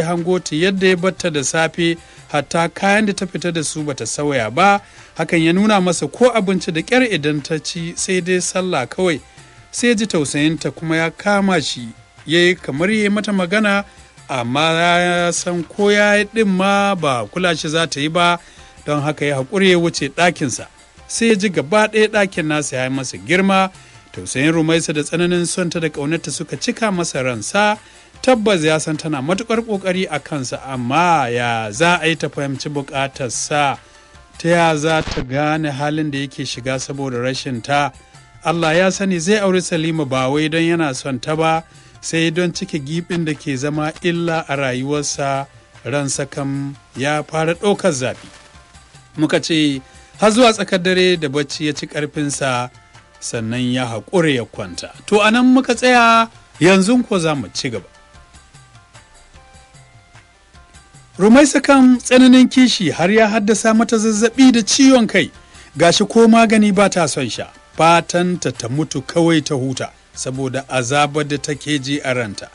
ya hango ta yadda ya batta da safe hatta kayan da ta fita da su bata sauya ba hakan ya nuna masa ko abinci da ƙyar idan ta ci sai dai sallah kawai sai ji tausayinta kuma ya kama shi ya yi kamar ya mata magana amma ya san ko ya yi ɗin ma ba kula shi za ta yi ba don haka ya haƙuri ya wuce ɗakinsa sai ya ji gaba ɗaya ɗakin nasa ya yi masa girma tausayin rumaisa da tsananin sonta da ƙaunarta suka cika masa ransa tabbas ya san tana matukar kokari a kansa amma ya za a yi ta fahimci bukatarsa ta ya za ta gane halin da yake shiga saboda rashin ta Allah ya sani zai auri Salima ba wai don yana son ta ba sai don cike gibin da ke zama illa a rayuwarsa ran kam ya fara ɗaukar zafi muka ce har zuwa tsakar dare da bacci ya ci ƙarfinsa sannan ya haƙure ya kwanta to anan muka tsaya yanzu ko za mu ci gaba rumai sakan tsananin kishi har ya haddasa mata zazzabi da ciwon kai gashi ko magani ba ta son sha fatanta ta mutu kawai ta huta saboda azabar da take ji a ranta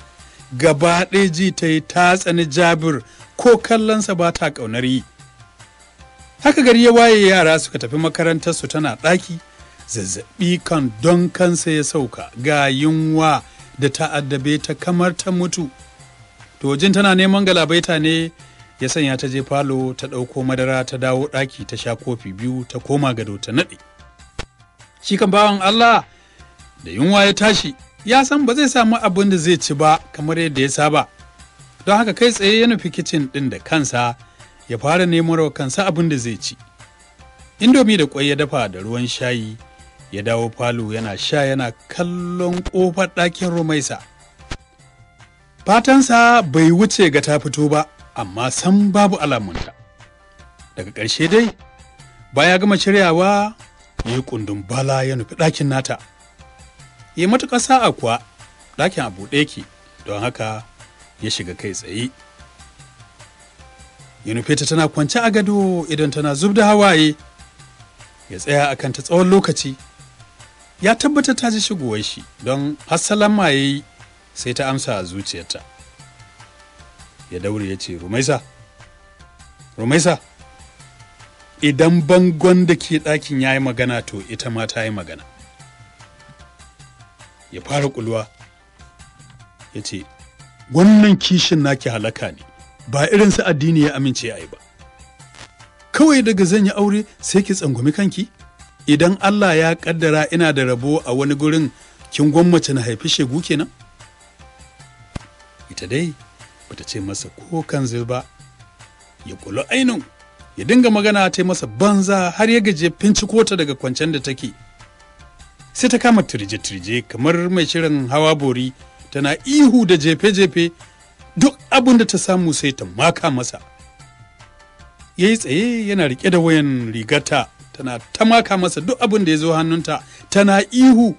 gaba ɗaya ji ta yi ta tsani jabir ko kallonsa ba ta ƙaunar yi haka gari ya waye yara suka tafi makarantarsu tana ɗaki zazzabi kan don kansa ya sauka ga yunwa da addabe ta kamar ta mutu to jin tana neman galabaita ne ya sanya ta je falo ta ɗauko madara ta dawo ɗaki ta sha kofi biyu ta koma gado ta naɗe shi kan bawan allah da yunwa ya tashi ya san ba zai samu abin da zai ci ba kamar yadda ya saba don haka kai tsaye ya nufi kicin ɗin da kansa ya fara neman wa kansa abin da zai ci indomi da kwai ya dafa da ruwan shayi ya dawo falo yana sha yana kallon ƙofar ɗakin rumaisa fatansa bai wuce ga ta fito ba amma san babu alamunta daga ƙarshe dai baya gama shiryawa ya yi kundin bala ya nufi ɗakin nata ya matuƙa sa'a kuwa ɗakin a buɗe yake don haka ya shiga kai tsaye ya nufi ta tana kwance a gado idan tana zub da hawaye ya tsaya a kanta tsawon lokaci ya tabbata ta ji shigowar shi don hassalan ma ya yi sai ta amsa a zuciyarta ya daure ya ce rumaisa rumaisa idan bangon da ke ɗakin ya yi magana to ita ma ta yi magana ya fara kulwa ya ce wannan kishin naki halaka ne ba irin su addini ya amince a yi ba kawai daga zan yi aure sai ki tsangwami kanki idan allah ya ƙaddara ina da rabo a wani gurin kin gwammace na haifi shegu kenan ita dai ba ta ce masa ko kan ba ya kula ainun ya dinga magana ta masa banza har ya gaje finciko ta daga kwancen da take sai ta kama turje-turje kamar mai shirin hawa bori tana ihu da jefe-jefe duk abin da ta samu sai ta maka masa ya yi tsaye yana rike da wayan rigata tana ta maka masa duk abin da ya zo hannunta tana ihu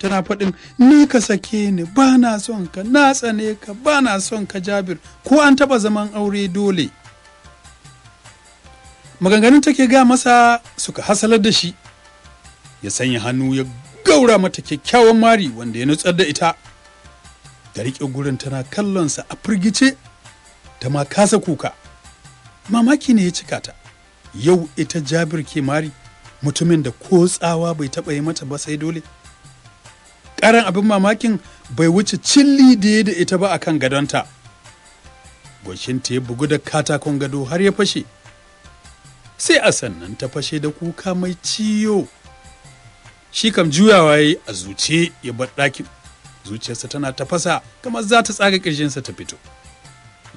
tana faɗin ni ka sake ni ba na son ka na tsane ka ba na son ka jabir ko an taɓa zaman aure dole maganganun take ga masa suka hasalar da shi ya sanya hannu ya gaura mata kyakkyawan mari wanda ya nutsar da ita da riƙe gurin tana kallon sa a firgice ta ma kasa kuka mamaki ne ya cika ta yau ita jabir ke mari mutumin da ko tsawa bai taɓa yi mata ba sai dole karan abin mamakin bai wuce cilli da ya da ita ba a kan gadonta goshinta ya bugu da katakon gado har ya fashe sai a sannan ta fashe da kuka mai ciyo shi kam juyawa ya a zuce ya bar ɗakin zuciyarsa tana tafasa kamar za ta tsaga ƙirjinsa ta fito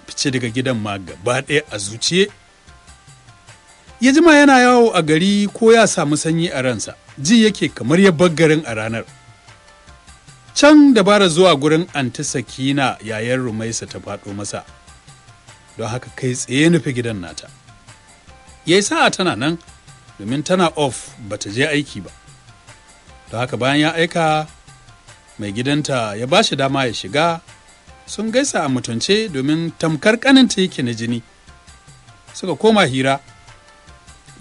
fice daga gidan ma gaba ɗaya a zuciye ya jima yana yawo a gari ko ya samu sanyi a ransa ji yake kamar ya bar garin a ranar can dabara zuwa gurin anti sakina yayan rumaisa ta faɗo masa don haka kai tsaye nufi gidan nata ya sa'a tana nan domin tana off bata je aiki ba don haka bayan ya aika mai gidanta ya ba shi dama ya shiga sun gaisa a mutunce domin tamkar kaninta yake na jini suka koma hira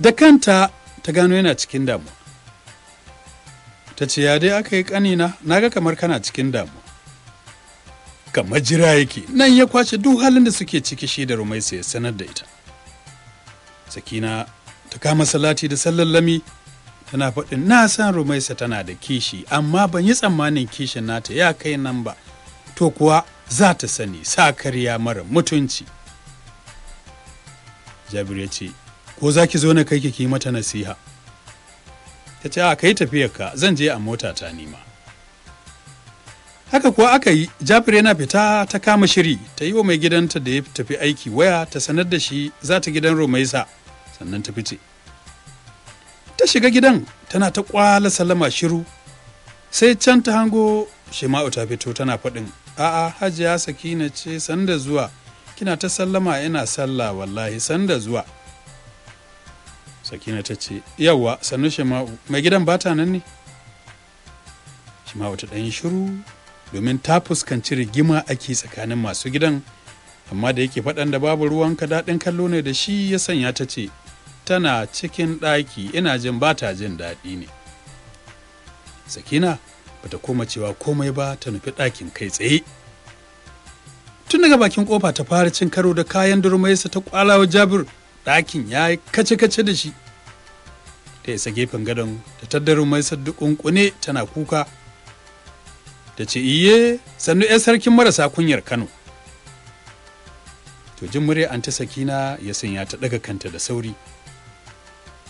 da kanta ta gano yana cikin damuwa ta ce ya dai aka yi ƙanina na ga kamar kana cikin damu kamar jira yake nan ya kwace duk halin da suke ciki shi da rumaisa ya sanar da ita sakina ta kama salati da sallallami tana faɗin na san rumaisa tana da kishi amma ban yi tsammanin kishin nata ya kai nan ba to kuwa za ta sani sa karya mara mutunci jabir ya ce ko za ki zo na kai ki mata nasiha ta ce a kai tafiyarka zan je a mota ta nima haka kuwa aka yi jafir yana fita ta kama shiri ta yi wa mai gidanta da ya tafi aiki waya ta sanar da shi za ta gidan romaisa sannan ta fice ta shiga gidan tana ta kwala salama shiru sai can ta hango shema'u ta fito tana faɗin a'a hajiya sakina ce sanda zuwa kina ta sallama yana sallah wallahi sanda zuwa sakina ta ce yawwa sannu shima'u mai gidan bata nan ne shima'u ta ɗan shiru domin ta fuskanci rigima ake tsakanin masu gidan amma da yake faɗan da babu ruwan ka daɗin kallo ne da shi ya sanya ta ce tana cikin ɗaki ina jin bata jin daɗi ne sakina bata koma cewa komai ba ta nufi ɗakin kai tsaye tun daga bakin kofa ta fara cin karo da kayan durmaisa ta kwalawa jabir ɗakin ya yi kace-kace da shi ta isa gefen gadon da taddarin mai saddu tana kuka ta ce iye sannu 'yan sarkin marasa kunyar kano to jin murya an ta sakina ya sanya ta ɗaga kanta da sauri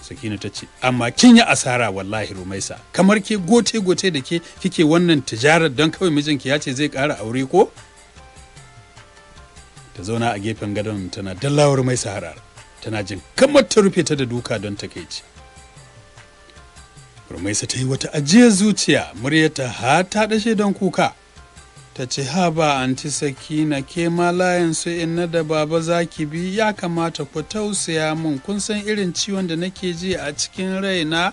sakina ta ce amma kin yi asara wallahi rumaisa kamar ke gote-gote da ke kike wannan tijarar don kawai mijinki ya ce zai ƙara aure ko ta zauna a gefen gadon tana dallawar mai sahara tana jin kamar ta rufe ta da duka don takaici Rumaisa ta yi wata ajiye zuciya muryarta har ta dashe don kuka ta ce ha ba anti sakina ke ma layan su na da baba za ki bi ya kamata ku tausaya mun kun san irin ciwon da nake ji a cikin raina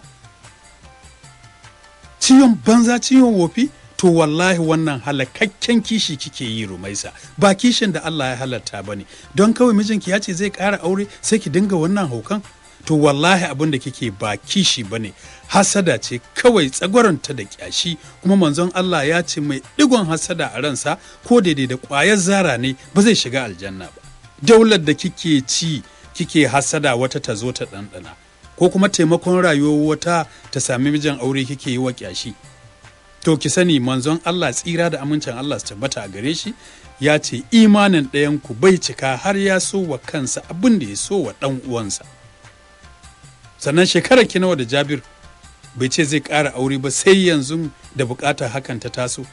ciwon banza ciwon wofi to wallahi wannan halakakken kishi kike yi rumaisa ba kishin da Allah ya halatta ba ne don kawai mijinki ya ce zai ƙara aure sai ki dinga wannan haukan to wallahi abin da kike ba kishi ba ne hasada ce kawai tsagwaranta da kyashi kuma manzon Allah ya ce mai digon hasada a ransa ko daidai da ƙwayar zara ne ba zai shiga aljanna ba daular da kike ci kike hasada wata ta zo ta ɗanɗana ko kuma taimakon rayuwar wata ta sami mijin aure kike yi wa kyashi to ki sani manzon Allah tsira da amincin Allah su tabbata a gare shi ya ce imanin ɗayan ku bai cika har ya so wa kansa abin da ya so wa ɗan uwansa sannan shekarar ki nawa da Jabir bai ce zai ƙara aure ba sai yanzu da bukatar hakan ta taso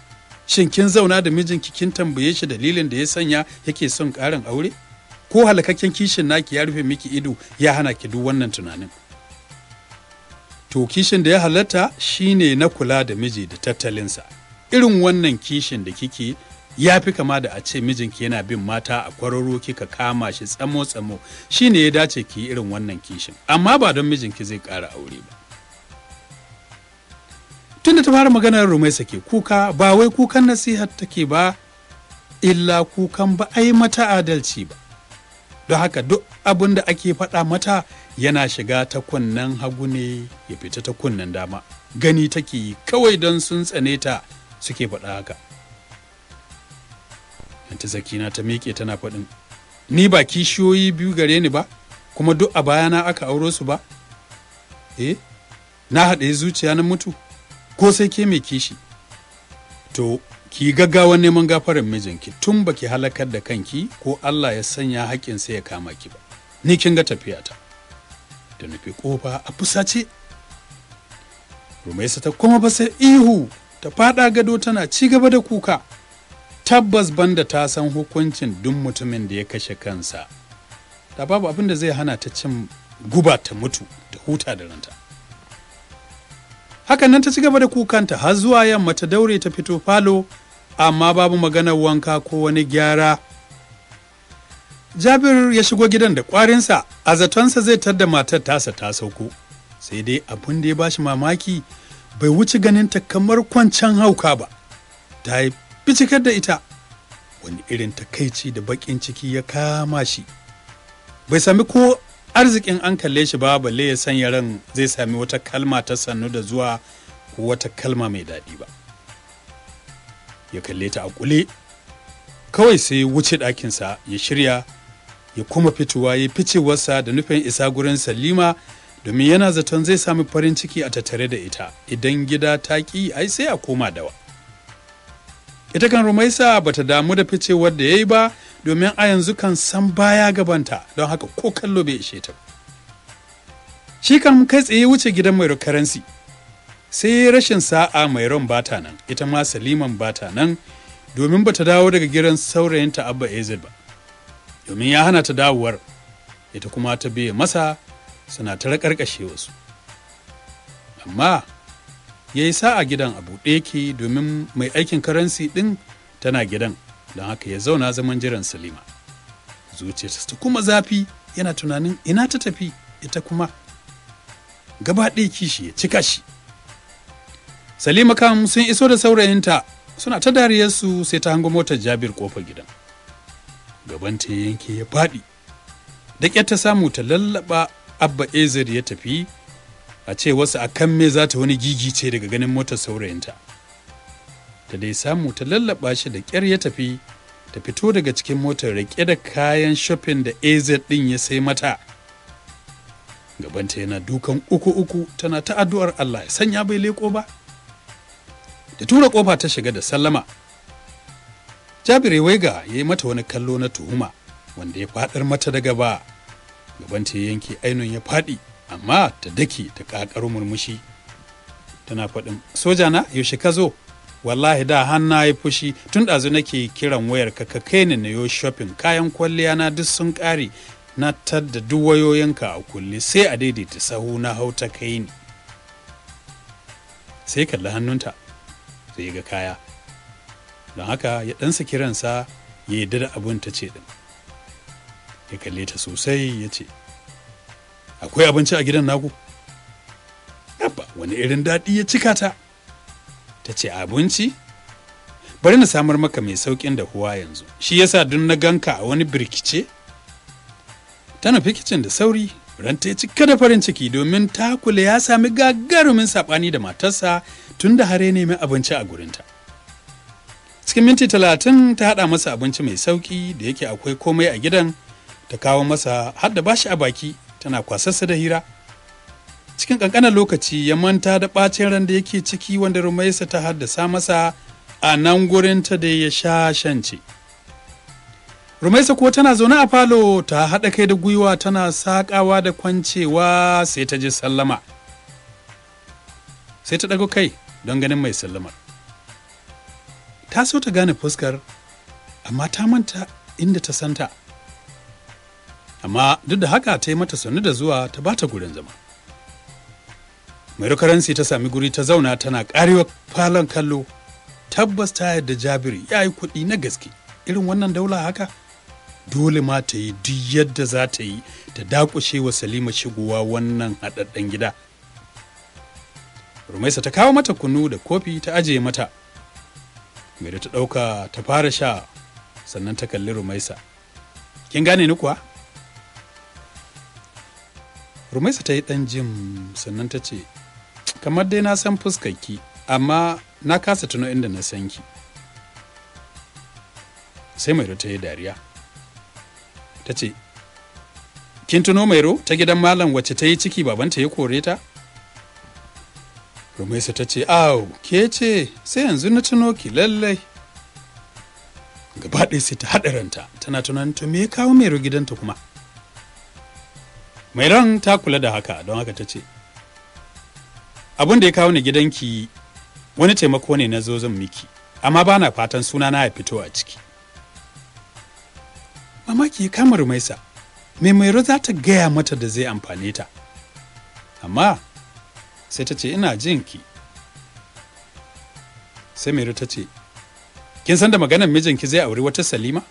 shin kin zauna da mijinki kin tambaye shi dalilin da ya sanya yake son ƙarin aure ko halakakken kishin naki ya rufe miki ido ya hana ki duk wannan tunanin to kishin da ya halatta shine na kula da miji da tattalinsa irin wannan kishin da kike ya fi kama da a ce mijinki yana bin mata a kwararo kika kama shi tsamo tsamo shine ya dace ki irin wannan kishin amma ba don mijinki zai ƙara aure ba tun da ta fara maganar rumai sake kuka ba wai kukan nasihar take ba illa kukan ba ai mata adalci ba don haka duk abin da ake faɗa mata yana shiga ta kunnen hagu ne ya fita ta kunnen dama gani take yi kawai don sun tsane ta suke faɗa haka yanta zakina ta miƙe tana faɗin ni ba kishiyoyi biyu gare ni ba kuma duk a bayana aka auro su ba eh na haɗe zuciya na mutu ko sai ke mai kishi to ki gaggawa neman gafarar mijinki tun baki halakar da kanki ko Allah ya sanya haƙƙinsa ya kama ki ba ni kin ga tafiyata ta nufi kofa a fusace rumaisa ta kuma ba sai ihu ta fada gado tana ci gaba da kuka tabbas banda ta san hukuncin duk mutumin da ya kashe kansa da babu abin da zai hana ta cin guba ta mutu ta huta da ranta hakan nan ta ci gaba da kukanta har zuwa yamma ta daure ta fito falo amma babu maganar wanka ko wani gyara Jabir ya shigo gidan da ƙwarinsa a zatonsa zai da matar tasa ta sauko. Sai dai abin da ya bashi mamaki bai wuce ganin ta kamar kwancan hauka ba. Ta yi bicikar da ita. Wani irin takaici da baƙin ciki ya kama shi. Bai sami ko arzikin an kalle shi ba balle ya sanya ran zai sami wata kalma ta sannu da zuwa ko wata kalma mai daɗi ba. Ya kalle ta a kule, kawai sai wuce ɗakinsa ya shirya ya kuma fitowa ya ficewarsa da nufin isa gurin salima domin yana zaton zai sami farin ciki a tattare da ita idan gida ta ki ai sai a koma dawa ita kan rumaisa bata damu da ficewar da ya yi ba domin a yanzu kan san baya gabanta don haka ko kallo bai ishe ta shi kan kai tsaye wuce gidan mai karansi sai rashin sa'a mai ran bata nan ita ma saliman bata nan domin ba ta dawo daga gidan saurayinta abba ezid ba domin ya hana ta dawowar ita kuma ta biye masa suna ta raƙarƙashe wasu amma ya yi sa'a gidan a buɗe yake domin mai aikin karansi ɗin tana gidan don haka ya zauna zaman jiran salima zuciyarsa ta kuma zafi yana tunanin ina ta tafi ita kuma gaba ɗaya kishi ya cika shi salima kam sun iso da saurayinta suna ta dariyarsu sai ta hango motar jabir kofar gidan gabanta ya yanke ya faɗi da ƙyar ta samu ta lallaɓa abba ezer ya tafi a ce wasu a kan me za ta wani gigi ce daga ganin motar saurayinta ta dai samu ta lallaɓa shi da ƙyar ya tafi ta fito daga cikin motar rike da kayan shopping da ezer ɗin ya sai mata gabanta yana dukan uku uku tana ta addu'ar allah ya sanya bai leko ba Ta tura ƙofa ta shiga da sallama jabire wega ya yi mata wani kallo na tuhuma wanda ya faɗar mata daga ba gabanta ya yanke ainun ya faɗi amma ta dake ta ƙaƙaro murmushi tana faɗin soja na yaushe ka zo wallahi da hanna ya fushi tun ɗazu nake kiran wayar ka ka kai ni na yo shopping kayan kwalliya na duk sun ƙare na tadda duk wayoyinka a kulle sai a daidaita sahu na hau ta kai ni sai kalli hannunta sai ga kaya don haka ya ɗansa kiransa ya yi da abin ta ce din ya kalle ta sosai ya ce akwai abinci a gidan naku yabba wani irin daɗi ya cika ta ta ce abinci bari na samar maka mai sauƙin dahuwa yanzu shi yasa dun na ganka a wani birkice tana fi kicin da sauri ranta ya cika da farin ciki domin takule ya sami gagarumin saɓani da matarsa tun da har ya nemi abinci a gurinta. cikin minti talatin ta haɗa masa abinci mai sauki da yake akwai komai a gidan ta kawo masa har ba shi a baki tana kwasarsa da hira cikin ƙanƙanar lokaci ya manta da ɓacin ran da yake ciki wanda rumaisa ta haddasa masa a nan gurin ta da ya sha shance rumaisa kuwa tana zaune a falo ta haɗa kai da gwiwa tana saƙawa da kwancewa sai ta ji sallama sai ta ɗago kai don ganin mai sallamar ta so ta gane fuskar amma ta manta inda ta santa amma duk da haka ta yi mata sannu da zuwa ta bata gurin zama mai rukaransi ta sami guri ta zauna tana karewa falon kallo tabbas ta yadda jabir ya yi kuɗi na gaske irin wannan daula haka dole ma ta yi duk yadda za ta yi ta dakushe wa salima shigowa wannan haɗaɗɗen gida rumaisa ta kawo mata kunu da kofi ta ajiye mata mai da ta ɗauka ta fara sha sannan ta kalli rumaisa kin gane ni kuwa rumaisa ta yi ɗan jim sannan ta ce kamar dai na san fuskarki amma na kasa tuno inda na san ki sai mairo ta yi dariya ta ce kin tuno mairo ta gidan malam wacce ta yi ciki babanta ya kore ta Rumaisa ta ce, "Au, ke ce, sai yanzu na tuno ki lallai." Gaba ɗaya sai ta haɗa tana tunanin to me ya kawo mai gidanta kuma. Mai ran ta kula da haka don haka ta ce, "Abin da ya kawo ni gidanki wani taimako ne na zo zan miki, amma ba na fatan suna na ya fito a ciki." Mamaki ya kama Rumaisa, mai mairo za ta gaya mata da zai amfane ta. Amma sai ta ce ina jin ki sai ta ce kin san da maganar mijinki zai auri wata Salima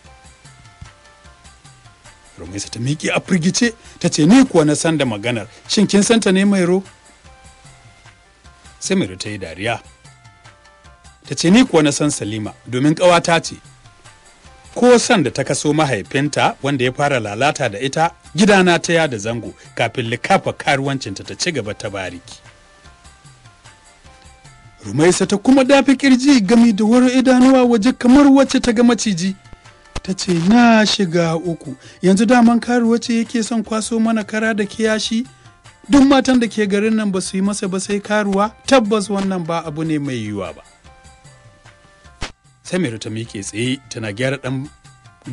Rumaisa ta miƙe a firgice ta ce ni kuwa na san da maganar shin kin santa ne Mairo sai ta yi dariya ta ce ni kuwa na san Salima domin ƙawata ce ko san da ta kaso mahaifinta wanda ya fara lalata da ita gidana ta yada zango kafin likafa karuwancinta ta ci gaba ta bariki rumaisa ta kuma dafi kirji gami da wani idanuwa waje kamar wacce ta ga maciji ta ce na shiga uku yanzu daman karuwa ce yake son kwaso mana kara da kiyashi duk matan da ke garin nan ba su yi masa ba sai karuwa tabbas wannan ba abu ne mai yiwuwa ba samiru ta miƙe tsaye tana gyara ɗan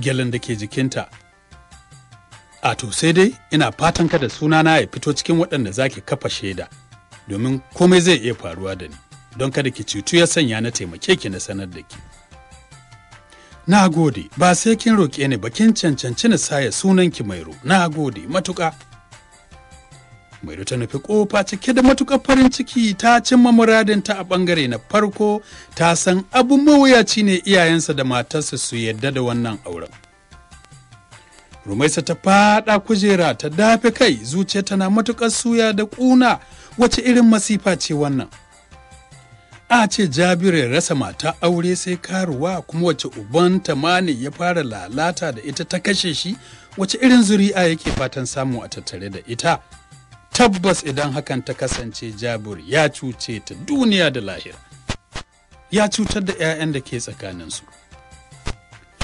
gyalen da ke jikinta a to sai dai ina fatan kada sunana ya fito cikin waɗanda zaki kafa shaida domin komai zai iya faruwa da ni don kada ki cutu ya sanya na taimake ki na sanar da ki. Na gode, ba sai kin roƙe ni ba kin cancanci na saya sunanki Mairo, na gode matuƙa. Mairo ta nufi ƙofa cike da matuƙar farin ciki ta cimma muradinta a ɓangare na farko ta san abun mawuyaci ne iyayensa da matarsa su yadda da wannan auren. Rumaisa ta faɗa kujera ta dafe kai zuciya tana matuƙar suya da ƙuna wace irin masifa ce wannan. a ce jabiru ya rasa mata aure sai karuwa kuma wace uban tamani ya fara lalata da ita ta kashe shi wace irin zuri'a yake fatan samu a tattare da ita tabbas idan hakan ta kasance jabir ya cuce ta duniya da lahira ya cutar da 'ya'yan da ke tsakaninsu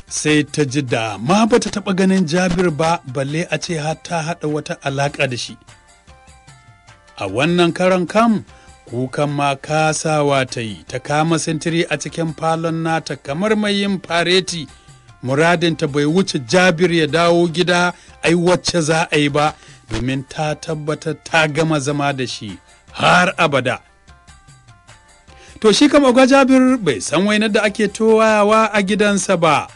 sai ta ji da ma ba ta taɓa ganin jabir ba balle a ce ta haɗa wata alaƙa da shi a wannan karan kamu kukan ma kasawa ta yi ta kama sintiri a cikin falon nata kamar mai yin fareti muradinta bai wuce jabir ya dawo gida ai wacce za a yi ba domin ta tabbatar ta gama zama da shi har abada to shi kama ga jabir bai san wainar da ake towayawa a gidansa ba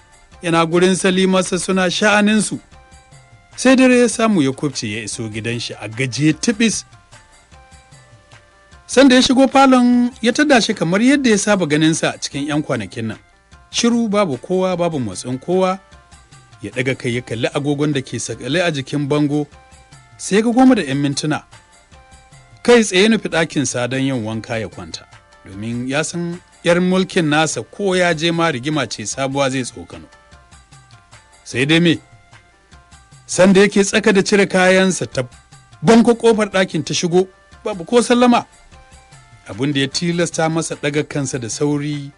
yana gurin salimarsa suna sha'aninsu sai dare ya samu ya kubce ya iso gidan shi a gaje tibis Sanda ya shigo falon ya tada shi kamar yadda ya saba ganinsa a cikin 'yan kwanakin nan. Shiru babu kowa babu motsin kowa ya ɗaga kai ya kalli agogon da ke sakale a jikin bango sai ga goma da 'yan mintuna. Kai tsaye nufi sa don yin wanka ya kwanta domin ya san 'yar mulkin nasa ko ya je ma rigima ce sabuwa zai tsokano. Sai dai me, sanda yake tsaka da cire kayansa ta bango kofar ɗakin ta shigo babu ko sallama. abin da ya tilasta masa ɗaga kansa da sauri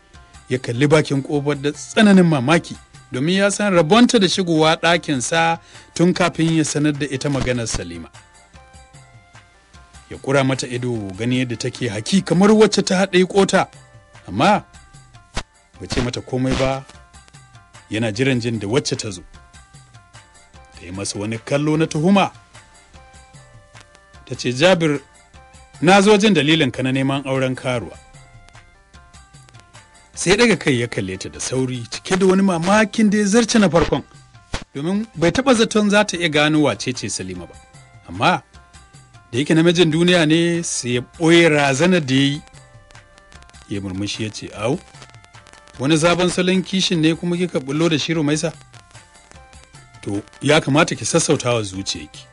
ya kalli bakin ƙofar da tsananin mamaki domin ya san rabonta da shigowa ɗakinsa tun kafin ya sanar da ita maganar salima ya kura mata ido gani yadda take haki kamar wacce ta haɗe kota amma ba ce mata komai ba yana jiran jin da wacce ta zo ta yi masa wani kallo na tuhuma ta ce jabir na zo jin dalilin ka na neman auren karuwa sai daga kai ya kalle ta da sauri cike da wani mamakin da ya zarce na farkon domin bai taɓa zaton za ta iya gano wace ce salima ba amma da yake namijin duniya ne sai ya ɓoye razana da ya yi ya murmushi ya ce au wani zaben salon kishin ne kuma kika bullo da shiru maisa to ya kamata ki sassautawa zuciyarki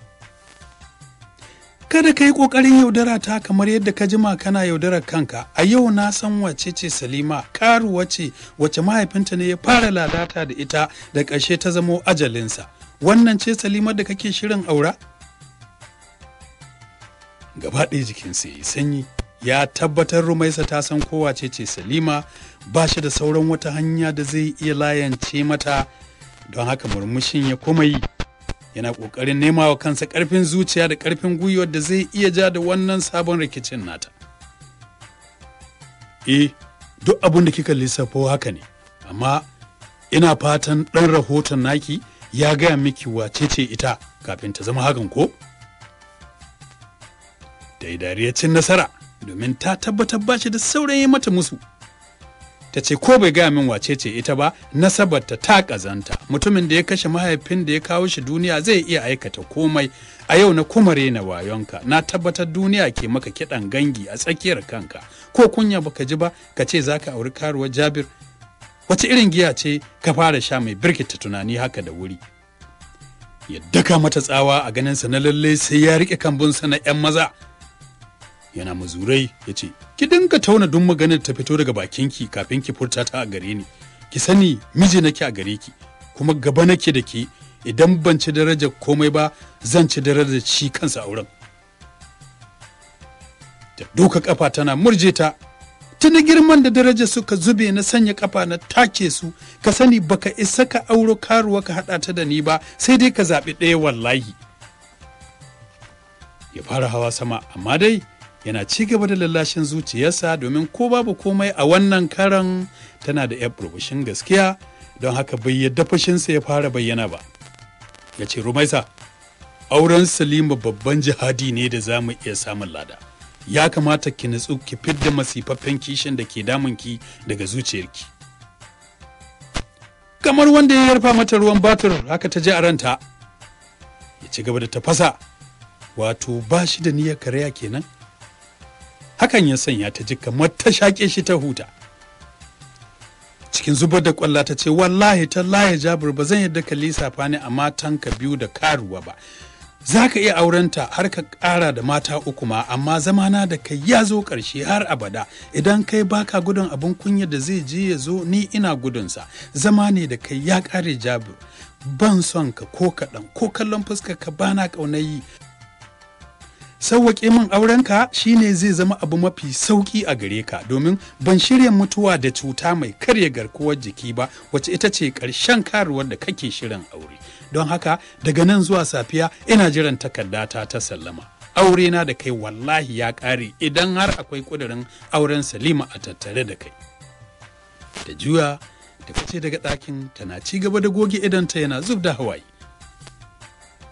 Kada ka yi ƙoƙarin yaudara ta kamar yadda ka jima kana yaudarar kanka. A yau na san wace ce Salima, karuwa ce wace mahaifinta ne ya fara lalata da ita da ƙarshe ta zamo ajalinsa. Wannan ce Salima da kake shirin aura? Gaba ɗaya jikin ya sanyi. ya tabbatar rumaisa ta san kowace ce salima ba shi da sauran wata hanya da zai iya layance mata don haka murmushin ya kuma yi yana ƙoƙarin nema wa kansa ƙarfin zuciya da ƙarfin gwiwar da zai iya ja da wannan sabon rikicin nata. E, duk abin da kika lissafo haka ne, amma ina fatan ɗan rahoton naki ya gaya miki wace ce ita kafin ta zama hakan ko? Da yi dariyacin nasara, domin ta tabbatar bashi shi da saurayi mata musu. ta ce ko bai gaya min wace ce ita ba nasabarta ta kazanta mutumin da ya kashe mahaifin da ya kawo shi duniya zai iya aikata komai a yau na kuma rena wayonka na tabbatar duniya ke maka kiɗan gangi a tsakiyar kanka ko kunya baka ji ba ka ce zaka auri karuwar jabir wace irin giya ce ka fara sha mai birkita tunani haka da wuri ya daka mata tsawa a ganinsa na lallai sai ya riƙe kambunsa na 'yan maza yana mazurai ya ce ki dinka tauna duk maganar ta fito daga bakinki kafin ki furta ta a gare ni ki sani miji nake a gare ki kuma gaba nake da ke idan ban ci daraja komai ba zan ci daraja shi kansa auren da duka kafa tana murje ta tuni girman da daraja suka zube na sanya kafa na take su ka sani baka isa ka auro karuwa ka hada ta da ni ba sai dai ka zaɓi ɗaya wallahi ya fara hawa sama amma dai yana ci gaba da lallashin zuciyarsa domin ko babu komai a wannan karan tana da 'yar burbushin gaskiya don haka bai yadda fashinsa ya fara bayyana ba ya ce rumaisa auren salima babban jihadi ne da za mu iya samun lada ya kamata ki nutsu ki fidda masifaffen kishin da ke damunki daga zuciyarki kamar wanda ya yarfa mata ruwan batir haka ta ji a ranta ya ci gaba da tafasa wato ba shi da niyyar karya kenan hakan ya sanya ta ji kamar ta shaƙe shi ta huta cikin zubar da kwalla ta ce wallahi ta tallahi jabir ba zan yadda ka lissafa ni a matanka biyu da karuwa ba za ka iya aurenta har ka ƙara da mata uku ma amma zamana da kai ya zo ƙarshe har abada idan kai baka gudun abin kunya da zai je ya zo ni ina gudunsa zama ne da kai ya ƙare jabir ban son ka ko kaɗan ko kallon fuska ka bana ƙaunayi sauwaƙe min aurenka shine zai zama abu mafi sauƙi a gare ka domin ban shirya mutuwa da cuta mai karya garkuwar jiki ba wacce ita ce ƙarshen karuwar da kake shirin aure don haka daga nan zuwa safiya ina jiran takardata ta sallama aure na da kai wallahi ya ƙare idan har akwai ƙudurin auren salima a tattare da kai da juya da fice daga ɗakin tana ci gaba da goge idanta yana zub da hawaye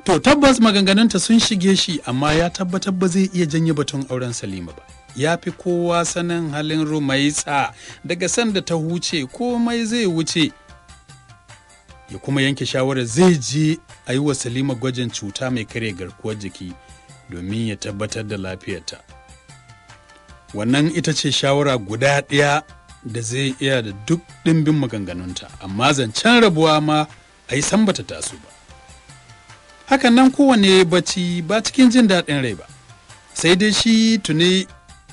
To tabbas maganganunta sun shige shi amma ya tabbatar ba zai iya janye batun auren Salima ba. Ya fi kowa sanin halin Rumaitsa daga sanda ta huce komai zai wuce. Ya kuma yanke shawarar zai je a yi wa Salima gwajin cuta mai karya garkuwar jiki domin ya tabbatar da lafiyarta. Wannan ita ce shawara guda ɗaya da zai iya da duk ɗimbin maganganunta, amma zancen rabuwa ma a yi sambata ba. hakan nan kowane bacci ba cikin jin daɗin rai ba sai dai shi tuni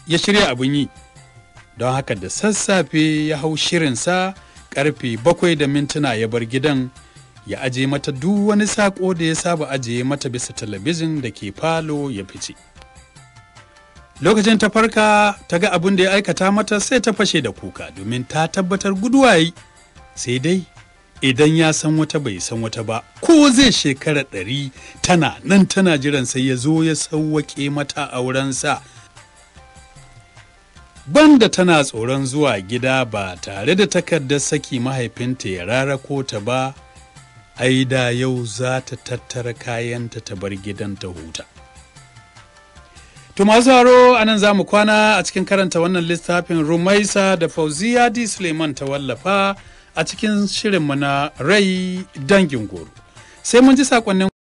ya shirya abin yi don haka da sassafe ya hau shirinsa karfe bakwai da mintuna ya bar gidan ya aje mata duk wani saƙo da ya saba aje mata bisa talabijin da ke falo ya fice lokacin ta farka ta ga abin da ya aikata mata sai ta fashe da kuka domin ta tabbatar guduwa yi sai dai idan ya san wata bai san wata ba ko zai shekara ɗari tana nan tana jiran sai ya zo ya sauwaƙe mata aurensa banda tana tsoron zuwa gida ba tare da takardar saki mahaifinta ya rarako ta ba ai da yau za ta tattara kayanta ta bar gidan ta huta To masu a nan za mu kwana a cikin karanta wannan littafin Rumaisa da Fauziya di Suleiman ta wallafa a cikin shirinmu na rai dangin goro. Sai mun ji sakonnin